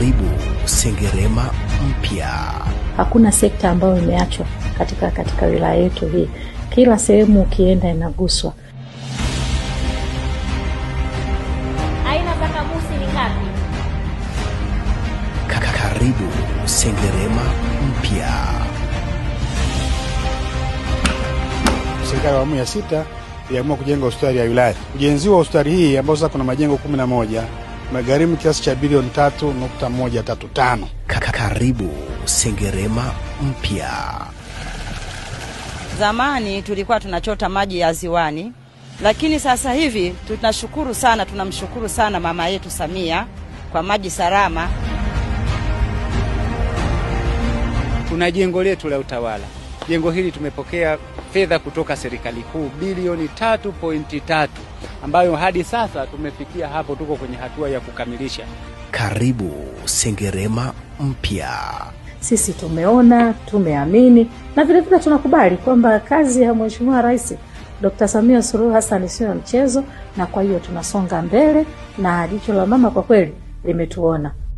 Karibu Sengerema Mpya. Hakuna sekta ambayo imeachwa katika katika wilaya yetu hii, kila sehemu ukienda inaguswa. Aina za kamusi ni ngapi? Karibu Sengerema Mpya. Serikali ya awamu ya sita iliamua kujenga hospitali ya wilaya. Ujenzi wa hospitali hii ambao sasa kuna majengo kumi na moja umegharimu kiasi cha bilioni 3.135. Karibu Sengerema mpya. Zamani tulikuwa tunachota maji ya ziwani, lakini sasa hivi tunashukuru sana, tunamshukuru sana mama yetu Samia kwa maji salama. Tuna jengo letu la utawala, jengo hili tumepokea fedha kutoka serikali kuu bilioni 3.3 ambayo hadi sasa tumefikia hapo, tuko kwenye hatua ya kukamilisha. Karibu Sengerema mpya. Sisi tumeona, tumeamini na vilevile tunakubali kwamba kazi ya Mheshimiwa Rais Dr. Samia Suluhu Hassan sio mchezo, na kwa hiyo tunasonga mbele na jicho la mama kwa kweli limetuona.